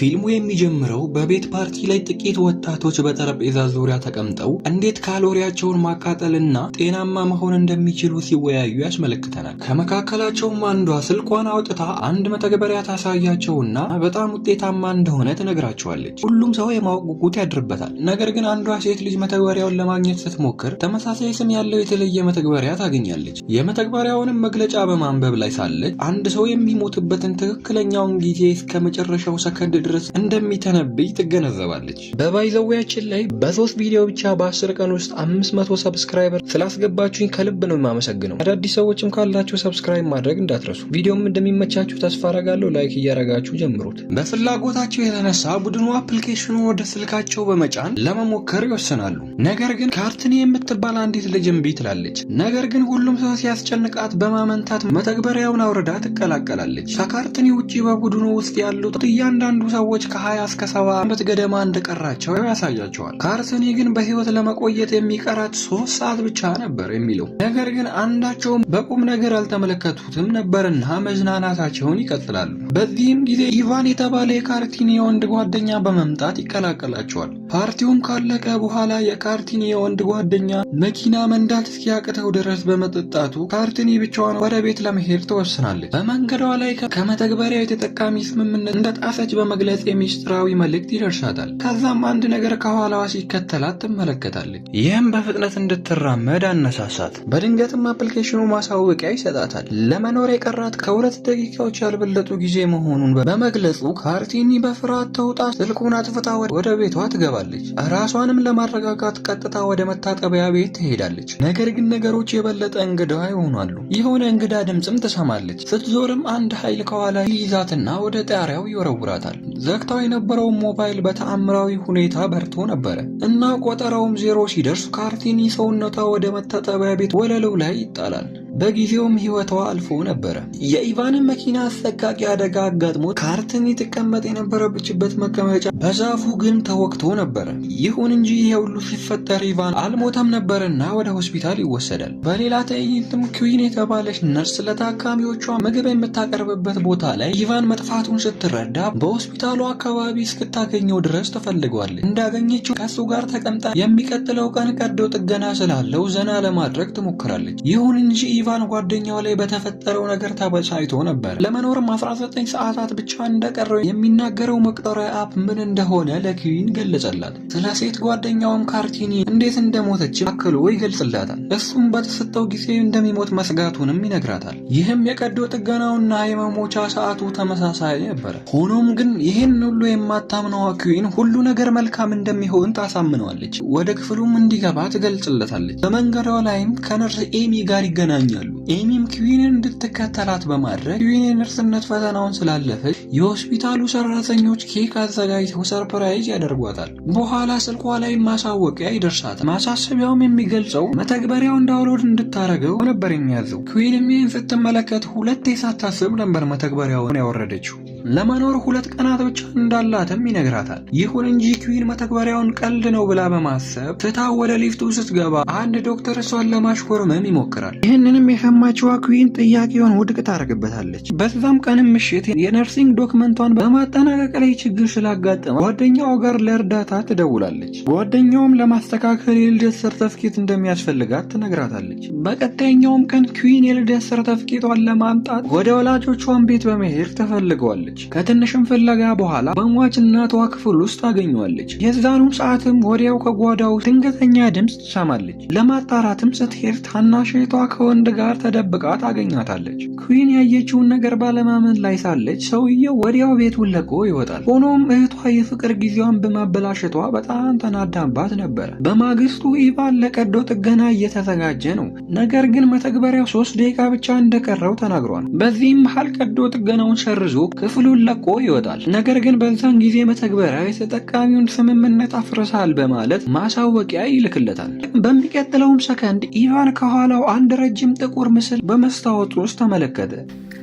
ፊልሙ የሚጀምረው በቤት ፓርቲ ላይ ጥቂት ወጣቶች በጠረጴዛ ዙሪያ ተቀምጠው እንዴት ካሎሪያቸውን ማቃጠልና ጤናማ መሆን እንደሚችሉ ሲወያዩ ያስመለክተናል። ከመካከላቸውም አንዷ ስልኳን አውጥታ አንድ መተግበሪያ ታሳያቸውና በጣም ውጤታማ እንደሆነ ትነግራቸዋለች። ሁሉም ሰው የማወቅ ጉጉት ያድርበታል። ነገር ግን አንዷ ሴት ልጅ መተግበሪያውን ለማግኘት ስትሞክር ተመሳሳይ ስም ያለው የተለየ መተግበሪያ ታገኛለች። የመተግበሪያውንም መግለጫ በማንበብ ላይ ሳለች አንድ ሰው የሚሞትበትን ትክክለኛውን ጊዜ እስከ መጨረሻው ሰከንድ ድረስ እንደሚተነብይ ትገነዘባለች። በባይዘዌያችን ላይ በሶስት ቪዲዮ ብቻ በአስር ቀን ውስጥ አምስት መቶ ሰብስክራይበር ስላስገባችሁኝ ከልብ ነው የማመሰግነው። አዳዲስ ሰዎችም ካላችሁ ሰብስክራይብ ማድረግ እንዳትረሱ። ቪዲዮም እንደሚመቻችሁ ተስፋ አረጋለሁ። ላይክ እያረጋችሁ ጀምሩት። በፍላጎታቸው የተነሳ ቡድኑ አፕሊኬሽኑ ወደ ስልካቸው በመጫን ለመሞከር ይወስናሉ። ነገር ግን ካርትኒ የምትባል አንዲት ልጅ እምቢ ትላለች። ነገር ግን ሁሉም ሰው ሲያስጨንቃት በማመንታት መተግበሪያውን አውርዳ ትቀላቀላለች። ከካርትኒ ውጪ በቡድኑ ውስጥ ያሉት እያንዳንዱ ሰዎች ከ20 እስከ 70 ዓመት ገደማ እንደቀራቸው ያሳያቸዋል። ካርሰኒ ግን በህይወት ለመቆየት የሚቀራት ሶስት ሰዓት ብቻ ነበር የሚለው ነገር ግን አንዳቸውም በቁም ነገር አልተመለከቱትም ነበርና መዝናናታቸውን ይቀጥላሉ። በዚህም ጊዜ ኢቫን የተባለ የካርቲኒ የወንድ ጓደኛ በመምጣት ይቀላቀላቸዋል። ፓርቲውም ካለቀ በኋላ የካርቲኒ የወንድ ጓደኛ መኪና መንዳት እስኪያቅተው ድረስ በመጠጣቱ ካርቲኒ ብቻዋን ወደ ቤት ለመሄድ ትወስናለች። በመንገዷ ላይ ከመተግበሪያ የተጠቃሚ ስምምነት እንደጣሰች በመግ የመግለጽ የሚስጥራዊ መልእክት ይደርሳታል። ከዛም አንድ ነገር ከኋላዋ ሲከተላት ትመለከታለች። ይህም በፍጥነት እንድትራመድ አነሳሳት። በድንገትም አፕሊኬሽኑ ማሳወቂያ ይሰጣታል። ለመኖር የቀራት ከሁለት ደቂቃዎች ያልበለጡ ጊዜ መሆኑን በመግለጹ ካርቲኒ በፍርሃት ተውጣ ስልኩን አጥፍታ ወደ ቤቷ ትገባለች። ራሷንም ለማረጋጋት ቀጥታ ወደ መታጠቢያ ቤት ትሄዳለች። ነገር ግን ነገሮች የበለጠ እንግዳ ይሆናሉ። የሆነ እንግዳ ድምፅም ትሰማለች። ስትዞርም አንድ ኃይል ከኋላ ይይዛትና ወደ ጣሪያው ይወረውራታል። ዘግታው የነበረው ሞባይል በተአምራዊ ሁኔታ በርቶ ነበረ እና ቆጠራውም ዜሮ ሲደርስ ካርቲኒ ሰውነቷ ወደ መታጠቢያ ቤት ወለሉ ላይ ይጣላል። በጊዜውም ህይወቷ አልፎ ነበረ። የኢቫንን መኪና አሰቃቂ አደጋ አጋጥሞ ካርትን ትቀመጥ የነበረችበት መቀመጫ በዛፉ ግን ተወቅቶ ነበረ። ይሁን እንጂ ይሄ ሁሉ ሲፈጠር ኢቫን አልሞተም ነበርና ወደ ሆስፒታል ይወሰዳል። በሌላ ትዕይንትም ኩዊን የተባለች ነርስ ለታካሚዎቿ ምግብ የምታቀርብበት ቦታ ላይ ኢቫን መጥፋቱን ስትረዳ በሆስፒታሉ አካባቢ እስክታገኘው ድረስ ትፈልገዋለች እንዳገኘችው ከሱ ጋር ተቀምጣ የሚቀጥለው ቀን ቀዶ ጥገና ስላለው ዘና ለማድረግ ትሞክራለች። ይሁን እንጂ ኢቫን ጓደኛው ላይ በተፈጠረው ነገር ተበሳጭቶ ነበር። ለመኖርም 19 ሰዓታት ብቻ እንደቀረው የሚናገረው መቁጠሪያ አፕ ምን እንደሆነ ለኪዊን ገለጸላት። ስለ ሴት ጓደኛውም ካርቲኒ እንዴት እንደሞተች አክሎ ይገልጽላታል። እሱም በተሰጠው ጊዜ እንደሚሞት መስጋቱንም ይነግራታል። ይህም የቀዶ ጥገናውና የመሞቻ ሰዓቱ ተመሳሳይ ነበረ። ሆኖም ግን ይህን ሁሉ የማታምነዋ ኪዊን ሁሉ ነገር መልካም እንደሚሆን ታሳምነዋለች። ወደ ክፍሉም እንዲገባ ትገልጽለታለች። በመንገዷ ላይም ከነርስ ኤሚ ጋር ይገናኛል። ይገኛሉ። ኤሚም ኪዊንን እንድትከተላት በማድረግ ኪዊንን እርስነት ፈተናውን ስላለፈች የሆስፒታሉ ሰራተኞች ኬክ አዘጋጅተው ሰርፕራይዝ ያደርጓታል። በኋላ ስልኳ ላይ ማሳወቂያ ይደርሳታል። ማሳሰቢያውም የሚገልጸው መተግበሪያውን ዳውንሎድ እንድታረገው ነበር የሚያዘው። ኪዊንም ይህን ስትመለከት ሁለት ሳታስብ ነበር መተግበሪያውን ያወረደችው። ለመኖር ሁለት ቀናት እንዳላትም ይነግራታል። ይሁን እንጂ ኪዊን መተግበሪያውን ቀልድ ነው ብላ በማሰብ ትታ ወደ ሊፍቱ ስትገባ አንድ ዶክተር እሷን ለማሽኮርመም ይሞክራል። ይህንንም የሰማችዋ ኪዊን ጥያቄውን ውድቅ ታደርግበታለች። በዛም ቀንም ምሽት የነርሲንግ ዶክመንቷን በማጠናቀቅ ላይ ችግር ስላጋጠመ ጓደኛው ጋር ለእርዳታ ትደውላለች። ጓደኛውም ለማስተካከል የልደት ሰርተፍኬት እንደሚያስፈልጋት ትነግራታለች። በቀጣይኛውም ቀን ኪዊን የልደት ሰርተፍኬቷን ለማምጣት ወደ ወላጆቿን ቤት በመሄድ ተፈልገዋለች። ትገኛለች። ከትንሽም ፍለጋ በኋላ በሟች እናቷ ክፍል ውስጥ ታገኘዋለች። የዛኑም ሰዓትም ወዲያው ከጓዳው ድንገተኛ ድምፅ ትሰማለች። ለማጣራትም ስትሄድ ታናሽቷ ከወንድ ጋር ተደብቃ ታገኛታለች። ኩዊን ያየችውን ነገር ባለማመን ላይ ሳለች ሰውየው ወዲያው ቤቱን ለቆ ይወጣል። ሆኖም እህቷ የፍቅር ጊዜዋን በማበላሸቷ በጣም ተናዳባት ነበረ። በማግስቱ ኢቫን ለቀዶ ጥገና እየተዘጋጀ ነው። ነገር ግን መተግበሪያው ሶስት ደቂቃ ብቻ እንደቀረው ተናግሯል። በዚህም መሀል ቀዶ ጥገናውን ሰርዞ ክፍል ክፍሉን ለቆ ይወጣል። ነገር ግን በዛን ጊዜ መተግበሪያ የተጠቃሚውን ስምምነት አፍርሳል በማለት ማሳወቂያ ይልክለታል። በሚቀጥለውም ሰከንድ ኢቫን ከኋላው አንድ ረጅም ጥቁር ምስል በመስታወቱ ውስጥ ተመለከተ።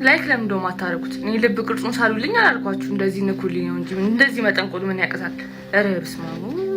ላይክ ለምዶ ማታረጉት? እኔ ልብ ቅርጹን ሳሉልኝ አላልኳችሁ? እንደዚህ ንኩልኝ ነው እንጂ እንደዚህ መጠንቆል ምን ያቅታል? ረብስ ማሙ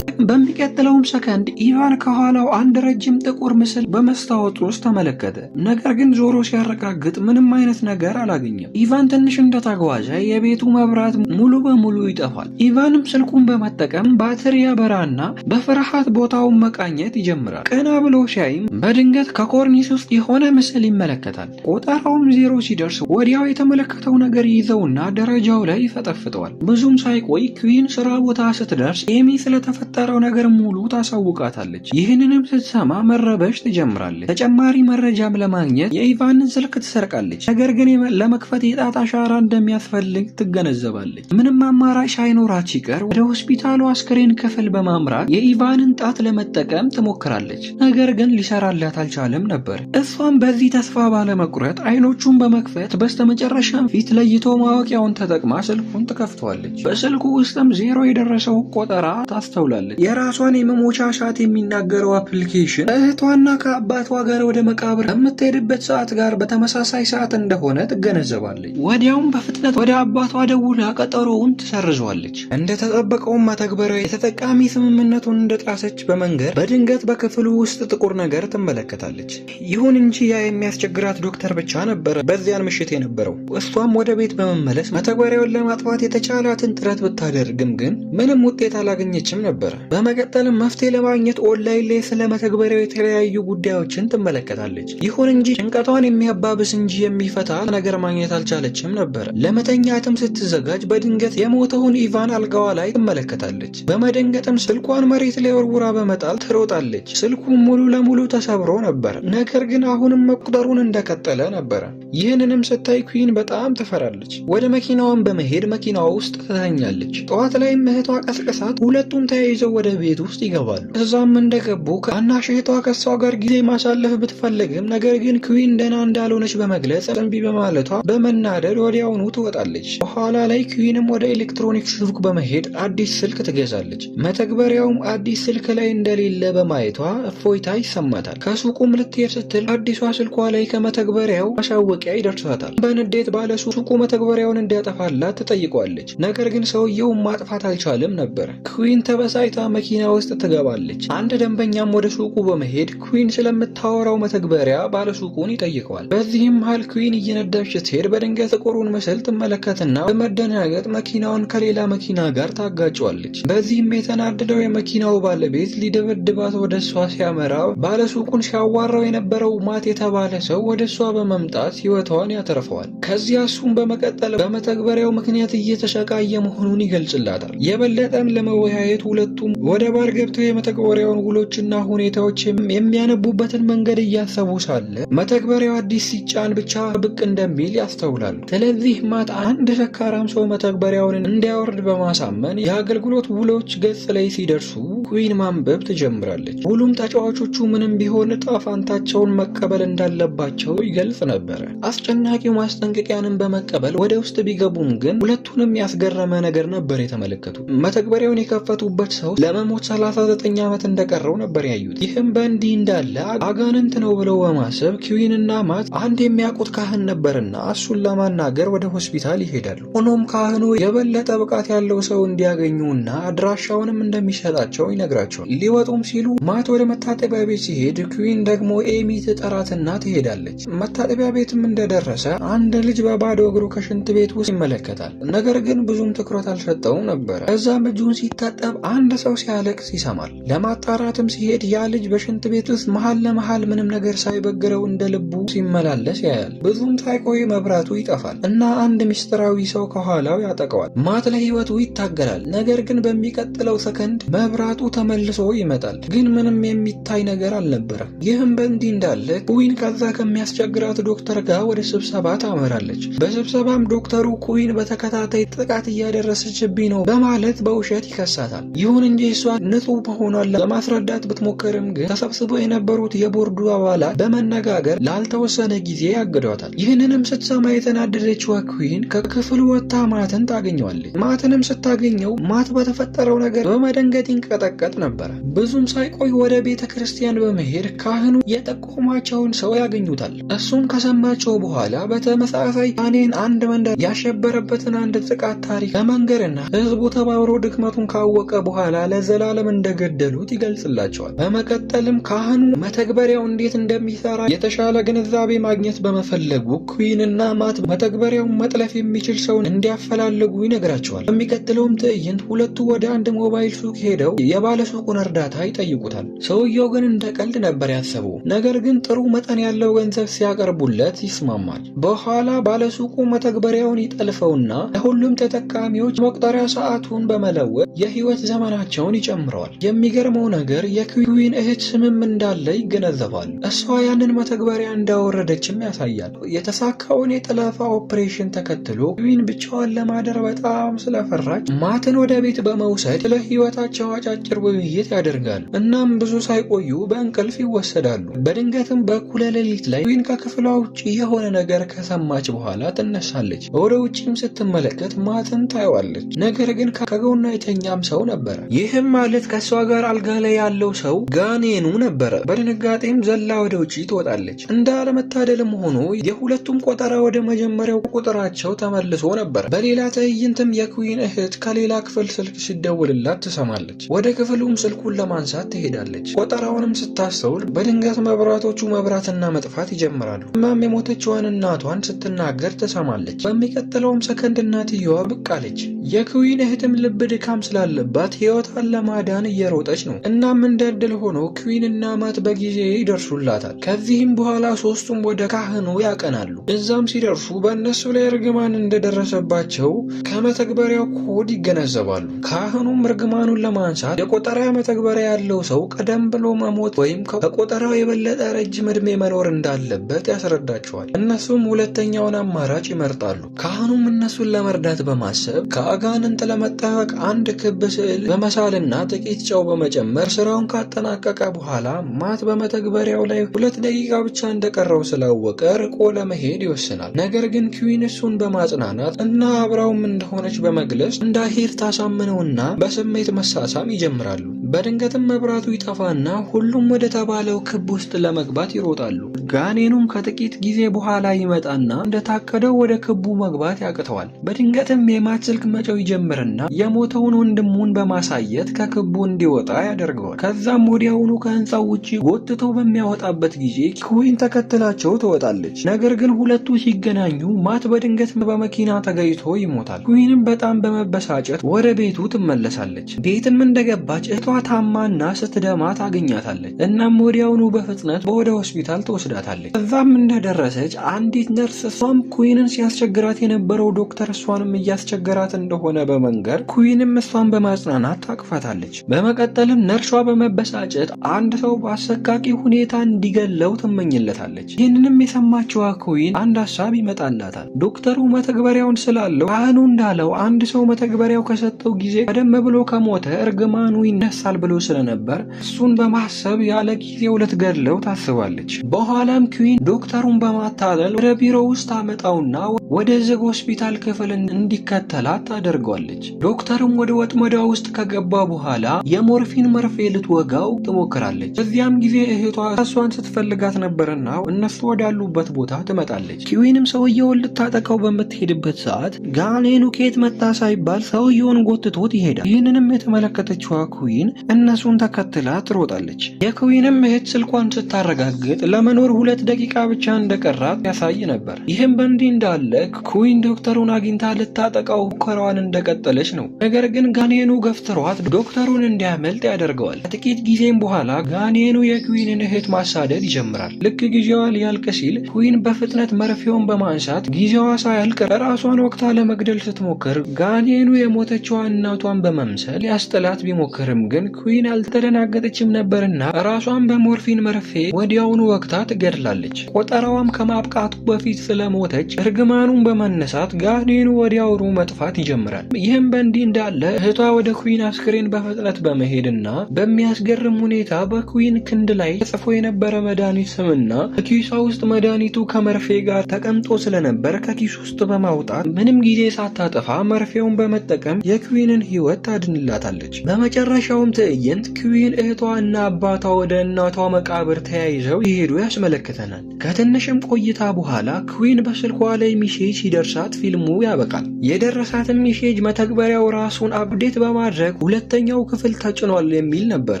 በሚቀጥለውም ሰከንድ ኢቫን ከኋላው አንድ ረጅም ጥቁር ምስል በመስታወት ውስጥ ተመለከተ። ነገር ግን ዞሮ ሲያረጋግጥ ምንም አይነት ነገር አላገኘም። ኢቫን ትንሽ እንደተጓዘ የቤቱ መብራት ሙሉ በሙሉ ይጠፋል። ኢቫንም ስልኩን በመጠቀም ባትሪ ያበራና በፍርሃት ቦታውን መቃኘት ይጀምራል። ቀና ብሎ ሲያይም በድንገት ከኮርኒስ ውስጥ የሆነ ምስል ይመለከታል። ቆጠራውም ዜሮ ሲደርስ ወዲያው የተመለከተው ነገር ይዘውና ደረጃው ላይ ይፈጠፍጠዋል። ብዙም ሳይቆይ ክዊን ስራ ቦታ ስትደርስ ኤሚ ስለተፈጠ ስለተፈጠረው ነገር ሙሉ ታሳውቃታለች። ይህንንም ስትሰማ መረበሽ ትጀምራለች። ተጨማሪ መረጃም ለማግኘት የኢቫንን ስልክ ትሰርቃለች። ነገር ግን ለመክፈት የጣት አሻራ እንደሚያስፈልግ ትገነዘባለች። ምንም አማራጭ ሳይኖራት ሲቀር ወደ ሆስፒታሉ አስክሬን ክፍል በማምራት የኢቫንን ጣት ለመጠቀም ትሞክራለች። ነገር ግን ሊሰራላት አልቻለም ነበር። እሷም በዚህ ተስፋ ባለመቁረጥ አይኖቹን በመክፈት በስተመጨረሻም ፊት ለይቶ ማወቂያውን ተጠቅማ ስልኩን ትከፍተዋለች። በስልኩ ውስጥም ዜሮ የደረሰው ቆጠራ ታስተውላለች። ትገኛለች። የራሷን የመሞቻሻት የሚናገረው አፕሊኬሽን እህቷና ከአባቷ ጋር ወደ መቃብር ከምትሄድበት ሰዓት ጋር በተመሳሳይ ሰዓት እንደሆነ ትገነዘባለች። ወዲያውም በፍጥነት ወደ አባቷ ደውላ ቀጠሮውን ትሰርዟለች። እንደተጠበቀውም መተግበሪያ የተጠቃሚ ስምምነቱን እንደጣሰች በመንገድ በድንገት በክፍሉ ውስጥ ጥቁር ነገር ትመለከታለች። ይሁን እንጂ ያ የሚያስቸግራት ዶክተር ብቻ ነበረ በዚያን ምሽት የነበረው። እሷም ወደ ቤት በመመለስ መተግበሪያውን ለማጥፋት የተቻላትን ጥረት ብታደርግም ግን ምንም ውጤት አላገኘችም ነበረ። በመቀጠልም መፍትሄ ለማግኘት ኦንላይን ላይ ስለ መተግበሪያው የተለያዩ ጉዳዮችን ትመለከታለች። ይሁን እንጂ ጭንቀቷን የሚያባብስ እንጂ የሚፈታ ነገር ማግኘት አልቻለችም ነበር። ለመተኛትም ስትዘጋጅ በድንገት የሞተውን ኢቫን አልጋዋ ላይ ትመለከታለች። በመደንገጥም ስልኳን መሬት ላይ ወርውራ በመጣል ትሮጣለች። ስልኩም ሙሉ ለሙሉ ተሰብሮ ነበር። ነገር ግን አሁንም መቁጠሩን እንደቀጠለ ነበረ። ይህንንም ስታይ ኩዊን በጣም ትፈራለች። ወደ መኪናዋን በመሄድ መኪናዋ ውስጥ ትተኛለች። ጠዋት ላይም እህቷ ቀስቀሳት። ሁለቱም ተያይዘው ወደ ቤት ውስጥ ይገባሉ። እዛም እንደገቡ ታናሽ እህቷ ከሷ ጋር ጊዜ ማሳለፍ ብትፈልግም ነገር ግን ክዊን ደህና እንዳልሆነች በመግለጽ እምቢ በማለቷ በመናደድ ወዲያውኑ ትወጣለች። በኋላ ላይ ክዊንም ወደ ኤሌክትሮኒክስ ሱቅ በመሄድ አዲስ ስልክ ትገዛለች። መተግበሪያውም አዲስ ስልክ ላይ እንደሌለ በማየቷ እፎይታ ይሰማታል። ከሱቁም ልትሄድ ስትል አዲሷ ስልኳ ላይ ከመተግበሪያው ማሳወቂያ ይደርሷታል። በንዴት ባለ ሱቁ መተግበሪያውን እንዲያጠፋላት ትጠይቋለች። ነገር ግን ሰውየውን ማጥፋት አልቻለም ነበር። ክዊን ተበሳጭታ መኪና ውስጥ ትገባለች። አንድ ደንበኛም ወደ ሱቁ በመሄድ ኩዊን ስለምታወራው መተግበሪያ ባለሱቁን ይጠይቀዋል። በዚህም መሃል ኩዊን እየነዳች ስትሄድ በድንገት ጥቁሩን ምስል ትመለከትና በመደናገጥ መኪናውን ከሌላ መኪና ጋር ታጋጫዋለች። በዚህም የተናደደው የመኪናው ባለቤት ሊደበድባት ወደ እሷ ሲያመራ ባለሱቁን ሲያዋራው የነበረው ማት የተባለ ሰው ወደ እሷ በመምጣት ህይወቷን ያተርፈዋል። ከዚያ እሱም በመቀጠል በመተግበሪያው ምክንያት እየተሰቃየ መሆኑን ይገልጽላታል። የበለጠም ለመወያየት ሁለቱም ወደ ባር ገብተው የመተግበሪያውን ውሎችና ሁኔታዎች የሚያነቡበትን መንገድ እያሰቡ ሳለ መተግበሪያው አዲስ ሲጫን ብቻ ብቅ እንደሚል ያስተውላሉ። ስለዚህ ማት አንድ ሸካራም ሰው መተግበሪያውን እንዲያወርድ በማሳመን የአገልግሎት ውሎች ገጽ ላይ ሲደርሱ ኩዊን ማንበብ ትጀምራለች። ሁሉም ተጫዋቾቹ ምንም ቢሆን ጣፋንታቸውን መቀበል እንዳለባቸው ይገልጽ ነበረ። አስጨናቂው ማስጠንቀቂያንም በመቀበል ወደ ውስጥ ቢገቡም ግን ሁለቱንም ያስገረመ ነገር ነበር የተመለከቱ። መተግበሪያውን የከፈቱበት ሰው ለመሞት 39 ዓመት እንደቀረው ነበር ያዩት። ይህም በእንዲህ እንዳለ አጋንንት ነው ብለው በማሰብ ኪዊን እና ማት አንድ የሚያውቁት ካህን ነበርና እሱን ለማናገር ወደ ሆስፒታል ይሄዳሉ። ሆኖም ካህኑ የበለጠ ብቃት ያለው ሰው እንዲያገኙና አድራሻውንም እንደሚሰጣቸው ይነግራቸዋል። ሊወጡም ሲሉ ማት ወደ መታጠቢያ ቤት ሲሄድ ኪዊን ደግሞ ኤሚ ትጠራትና ትሄዳለች። መታጠቢያ ቤትም እንደደረሰ አንድ ልጅ በባዶ እግሩ ከሽንት ቤት ውስጥ ይመለከታል። ነገር ግን ብዙም ትኩረት አልሰጠውም ነበረ። እዛም እጁን ሲታጠብ አንድ ሰው ሰው ሲያለቅስ ይሰማል። ለማጣራትም ሲሄድ ያ ልጅ በሽንት ቤት ውስጥ መሃል ለመሃል ምንም ነገር ሳይበግረው እንደ ልቡ ሲመላለስ ያያል። ብዙም ሳይቆይ መብራቱ ይጠፋል እና አንድ ምስጢራዊ ሰው ከኋላው ያጠቀዋል። ማት ለህይወቱ ይታገላል። ነገር ግን በሚቀጥለው ሰከንድ መብራቱ ተመልሶ ይመጣል። ግን ምንም የሚታይ ነገር አልነበረም። ይህም በእንዲህ እንዳለ ኩዊን ከዛ ከሚያስቸግራት ዶክተር ጋር ወደ ስብሰባ ታመራለች። በስብሰባም ዶክተሩ ኩዊን በተከታታይ ጥቃት እያደረሰችብኝ ነው በማለት በውሸት ይከሳታል። ይሁን እንጂ እሷ ንጹህ መሆኗን ለማስረዳት ብትሞክርም ግን ተሰብስበው የነበሩት የቦርዱ አባላት በመነጋገር ላልተወሰነ ጊዜ ያግዷታል። ይህንንም ስትሰማ የተናደደችው ኩዊን ከክፍሉ ወጥታ ማትን ታገኘዋለች። ማትንም ስታገኘው ማት በተፈጠረው ነገር በመደንገጥ ይንቀጠቀጥ ነበረ። ብዙም ሳይቆይ ወደ ቤተ ክርስቲያን በመሄድ ካህኑ የጠቆማቸውን ሰው ያገኙታል። እሱም ከሰማቸው በኋላ በተመሳሳይ አኔን አንድ መንደር ያሸበረበትን አንድ ጥቃት ታሪክ ለመንገርና ህዝቡ ተባብሮ ድክመቱን ካወቀ በኋላ ለዘላለም እንደገደሉት ይገልጽላቸዋል። በመቀጠልም ካህኑ መተግበሪያው እንዴት እንደሚሰራ የተሻለ ግንዛቤ ማግኘት በመፈለጉ ኩዊንና ማት መተግበሪያውን መጥለፍ የሚችል ሰውን እንዲያፈላልጉ ይነግራቸዋል። በሚቀጥለውም ትዕይንት ሁለቱ ወደ አንድ ሞባይል ሱቅ ሄደው የባለ ሱቁን እርዳታ ይጠይቁታል። ሰውየው ግን እንደ ቀልድ ነበር ያሰበው። ነገር ግን ጥሩ መጠን ያለው ገንዘብ ሲያቀርቡለት ይስማማል። በኋላ ባለሱቁ መተግበሪያውን ይጠልፈውና ለሁሉም ተጠቃሚዎች መቁጠሪያ ሰዓቱን በመለወጥ የህይወት ዘመናቸው ቁጥራቸውን ይጨምረዋል። የሚገርመው ነገር የኩዊን እህት ስምም እንዳለ ይገነዘባል። እሷ ያንን መተግበሪያ እንዳወረደችም ያሳያል። የተሳካውን የጠለፋ ኦፕሬሽን ተከትሎ ኩዊን ብቻዋን ለማደር በጣም ስለፈራች ማትን ወደ ቤት በመውሰድ ስለ ህይወታቸው አጫጭር ውይይት ያደርጋሉ። እናም ብዙ ሳይቆዩ በእንቅልፍ ይወሰዳሉ። በድንገትም በኩለ ሌሊት ላይ ኪዊን ከክፍሏ ውጭ የሆነ ነገር ከሰማች በኋላ ትነሳለች። ወደ ውጭም ስትመለከት ማትን ታየዋለች። ነገር ግን ከጎኗ የተኛም ሰው ነበረ። ይህም ማለት ከእሷ ጋር አልጋ ላይ ያለው ሰው ጋኔኑ ነበረ። በድንጋጤም ዘላ ወደ ውጪ ትወጣለች። እንዳለመታደልም ሆኖ የሁለቱም ቆጠራ ወደ መጀመሪያው ቁጥራቸው ተመልሶ ነበር። በሌላ ትዕይንትም የኩዊን እህት ከሌላ ክፍል ስልክ ሲደውልላት ትሰማለች። ወደ ክፍሉም ስልኩን ለማንሳት ትሄዳለች። ቆጠራውንም ስታስተውል በድንገት መብራቶቹ መብራትና መጥፋት ይጀምራሉ። እማም የሞተችዋን እናቷን ስትናገር ትሰማለች። በሚቀጥለውም ሰከንድ እናትየዋ ብቅ አለች። የኩዊን እህትም ልብ ድካም ስላለባት ህይወት እሷን ለማዳን እየሮጠች ነው። እናም እንደ ዕድል ሆኖ ክዊን እና ማት በጊዜ ይደርሱላታል። ከዚህም በኋላ ሶስቱም ወደ ካህኑ ያቀናሉ። እዛም ሲደርሱ በእነሱ ላይ እርግማን እንደደረሰባቸው ከመተግበሪያው ኮድ ይገነዘባሉ። ካህኑም እርግማኑን ለማንሳት የቆጠሪያ መተግበሪያ ያለው ሰው ቀደም ብሎ መሞት ወይም ከቆጠራው የበለጠ ረጅም እድሜ መኖር እንዳለበት ያስረዳቸዋል። እነሱም ሁለተኛውን አማራጭ ይመርጣሉ። ካህኑም እነሱን ለመርዳት በማሰብ ከአጋንንት ለመጠበቅ አንድ ክብ ስዕል በመሳ ቅጠልና ጥቂት ጨው በመጨመር ስራውን ካጠናቀቀ በኋላ ማት በመተግበሪያው ላይ ሁለት ደቂቃ ብቻ እንደቀረው ስላወቀ ርቆ ለመሄድ ይወስናል። ነገር ግን ኪዊን እሱን በማጽናናት እና አብራውም እንደሆነች በመግለጽ እንዳይሄድ ታሳምነውና በስሜት መሳሳም ይጀምራሉ። በድንገትም መብራቱ ይጠፋና ሁሉም ወደ ተባለው ክብ ውስጥ ለመግባት ይሮጣሉ። ጋኔኑም ከጥቂት ጊዜ በኋላ ይመጣና እንደታቀደው ወደ ክቡ መግባት ያቅተዋል። በድንገትም የማት ስልክ መጨው ይጀምርና የሞተውን ወንድሙን በማሳየት ከክቡ እንዲወጣ ያደርገዋል። ከዛም ወዲያውኑ ከህንፃው ውጭ ጎትቶ በሚያወጣበት ጊዜ ኩዊን ተከትላቸው ትወጣለች። ነገር ግን ሁለቱ ሲገናኙ ማት በድንገት በመኪና ተገይቶ ይሞታል። ኩዊንም በጣም በመበሳጨት ወደ ቤቱ ትመለሳለች። ቤትም እንደገባች እህቷ ታማና ስትደማ ታገኛታለች። እናም ወዲያውኑ በፍጥነት ወደ ሆስፒታል ትወስዳታለች። እዛም እንደደረሰች አንዲት ነርስ እሷም ኩዊንን ሲያስቸግራት የነበረው ዶክተር እሷንም እያስቸገራት እንደሆነ በመንገር ኩዊንም እሷን በማጽናናት ታቅፋታለች። በመቀጠልም ነርሷ በመበሳጨት አንድ ሰው በአሰቃቂ ሁኔታ እንዲገለው ትመኝለታለች። ይህንንም የሰማችዋ ኩዊን አንድ ሀሳብ ይመጣላታል። ዶክተሩ መተግበሪያውን ስላለው ካህኑ እንዳለው አንድ ሰው መተግበሪያው ከሰጠው ጊዜ ቀደም ብሎ ከሞተ እርግማኑ ይነሳል ይሞታል ብሎ ስለነበር እሱን በማሰብ ያለ ጊዜው ልትገድለው ታስባለች። በኋላም ኩዊን ዶክተሩን በማታለል ወደ ቢሮ ውስጥ አመጣውና ወደ ዝግ ሆስፒታል ክፍል እንዲከተላት ታደርጓለች። ዶክተሩም ወደ ወጥመዳ ውስጥ ከገባ በኋላ የሞርፊን መርፌ ልትወጋው ትሞክራለች። በዚያም ጊዜ እህቷ እሷን ስትፈልጋት ነበርና እነሱ ወዳሉበት ቦታ ትመጣለች። ኪዊንም ሰውየውን ልታጠቀው በምትሄድበት ሰዓት ጋሌኑ ኬት መጣ ሳይባል ሰውየውን ጎትቶት ይሄዳል። ይህንንም የተመለከተችዋ ኩዊን እነሱን ተከትላ ትሮጣለች። የክዊንም እህት ስልኳን ስታረጋግጥ ለመኖር ሁለት ደቂቃ ብቻ እንደቀራት ያሳይ ነበር። ይህም በእንዲህ እንዳለ ክዊን ዶክተሩን አግኝታ ልታጠቃው ሙከራዋን እንደቀጠለች ነው። ነገር ግን ጋኔኑ ገፍትሯት ዶክተሩን እንዲያመልጥ ያደርገዋል። ከጥቂት ጊዜም በኋላ ጋኔኑ የክዊንን እህት ማሳደድ ይጀምራል። ልክ ጊዜዋ ሊያልቅ ሲል ክዊን በፍጥነት መርፌውን በማንሳት ጊዜዋ ሳያልቅ ራሷን ወቅታ ለመግደል ስትሞክር ጋኔኑ የሞተችዋ እናቷን በመምሰል ያስጥላት ቢሞክርም ግን ኩዊን አልተደናገጠችም ነበርና ራሷን በሞርፊን መርፌ ወዲያውኑ ወቅታ ትገድላለች። ቆጠራዋም ከማብቃቱ በፊት ስለሞተች እርግማኑን በመነሳት ጋርዲኑ ወዲያውኑ መጥፋት ይጀምራል። ይህም በእንዲህ እንዳለ እህቷ ወደ ኩዊን አስክሬን በፍጥነት በመሄድና በሚያስገርም ሁኔታ በኩዊን ክንድ ላይ ተጽፎ የነበረ መድኃኒት ስምና ኪሷ ውስጥ መድኃኒቱ ከመርፌ ጋር ተቀምጦ ስለነበር ከኪሱ ውስጥ በማውጣት ምንም ጊዜ ሳታጠፋ መርፌውን በመጠቀም የኩዊንን ሕይወት ታድንላታለች። በመጨረሻውም ትዕይንት ክዊን እህቷ እና አባቷ ወደ እናቷ መቃብር ተያይዘው ይሄዱ ያስመለክተናል። ከትንሽም ቆይታ በኋላ ክዊን በስልኳ ላይ ሚሴጅ ሲደርሳት ፊልሙ ያበቃል። የደረሳትን ሚሴጅ መተግበሪያው ራሱን አፕዴት በማድረግ ሁለተኛው ክፍል ተጭኗል የሚል ነበረ።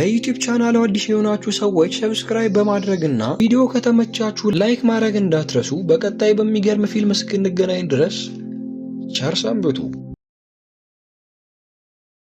ለዩቲዩብ ቻናሉ አዲስ የሆናችሁ ሰዎች ሰብስክራይብ በማድረግና ቪዲዮ ከተመቻችሁ ላይክ ማድረግ እንዳትረሱ። በቀጣይ በሚገርም ፊልም እስክንገናኝ ድረስ ቸር ሰንብቱ።